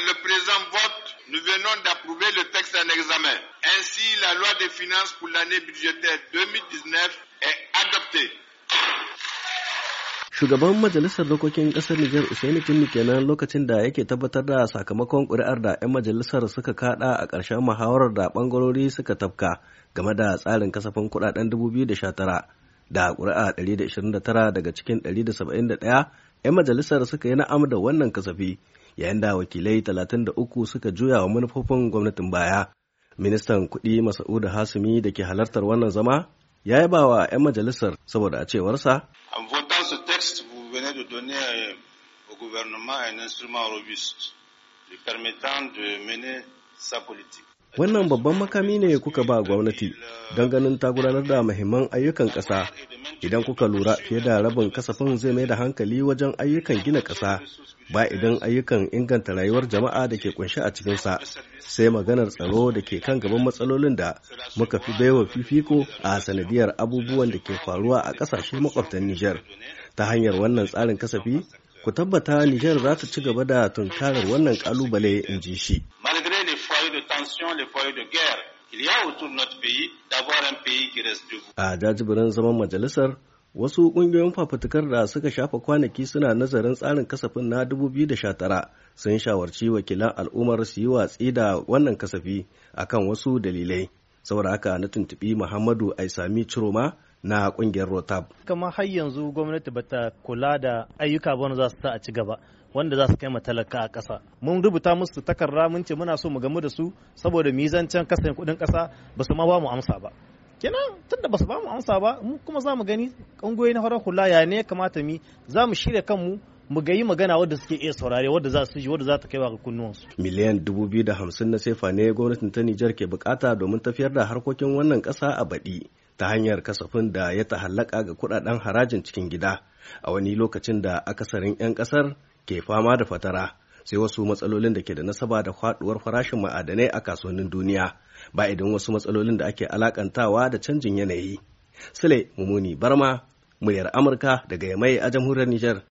Par le présent vote, nous venons d'approuver le texte en examen. Ainsi, la loi des finances pour l'année budgétaire 2019 est adoptée. Shugaban Majalisar Dokokin Ƙasar Nijar Usaini Tinni kenan lokacin da yake tabbatar da sakamakon ƙuri'ar da 'yan majalisar suka kada a ƙarshen muhawarar da ɓangarori suka tafka game da tsarin kasafin kuɗaɗen 2019 da ƙuri'a 129 daga cikin 171 'yan majalisar suka yi na'am da wannan kasafi yayin da wakilai 33 suka juya wa manufofin gwamnatin baya. Ministan kuɗi Masa'udu hasumi da ke halartar wannan zama ya yi wa 'yan majalisar saboda a cewarsa. En votant texte, vous venez de donner eh, de mener sa politique. Wannan babban makami ne kuka ba gwamnati don ganin ta gudanar da muhimman ayyukan ƙasa. Idan kuka lura fiye da rabin kasafin zai mai da hankali wajen ayyukan gina ƙasa, ba idan ayyukan inganta rayuwar jama'a da ke kunshi a cikinsa, sai maganar tsaro da ke kan gaban matsalolin da muka fi baiwa fifiko a sanadiyar abubuwan da ke faruwa a ƙasashe makwabtan Nijar. Ta hanyar wannan tsarin kasafi, ku tabbata Nijar za ta ci gaba da tunkarar wannan kalubale in ji shi. tensions, les foyers de guerre qu'il y a autour de notre pays, d'avoir un pays qui reste debout. À jajibirin zaman majalisar, wasu ƙungiyoyin fafutukar da suka shafa kwanaki suna nazarin tsarin kasafin na 2019 sun shawarci wakilan al'ummar su yi watsi da wannan kasafi akan wasu dalilai. Saboda haka na tuntuɓi Muhammadu Aisami Chiroma. na kungiyar rotab kamar har yanzu gwamnati bata kula da ayyuka ba za su ta a ci gaba wanda za su kai matalaka a ƙasa mun rubuta musu takarda mun ce muna so mu gamu da su saboda mizancen kasan kudin ƙasa ba su ma ba mu amsa ba kenan tunda ba su ba mu amsa ba mu kuma za mu gani ƙungiyoyi na farar hula ya ne kamata mi za mu shirya kanmu mu ga yi magana wadda suke iya saurare wadda za su ji wadda za ta kai wa kunnuwansu. Miliyan dubu biyu da hamsin na sefa ne gwamnatin ta Nijar ke bukata domin tafiyar da harkokin wannan kasa a baɗi. ta hanyar kasafin da ya tahallaka ga kudaden harajin cikin gida a wani lokacin da akasarin 'yan kasar ke fama da fatara sai wasu matsalolin da ke da nasaba da faduwar farashin ma'adanai a kasuwannin duniya ba idan wasu matsalolin da ake alakantawa da canjin yanayi. Sule Mumuni Barma, muryar Amurka daga Yamai a jamhuriyar Nijar.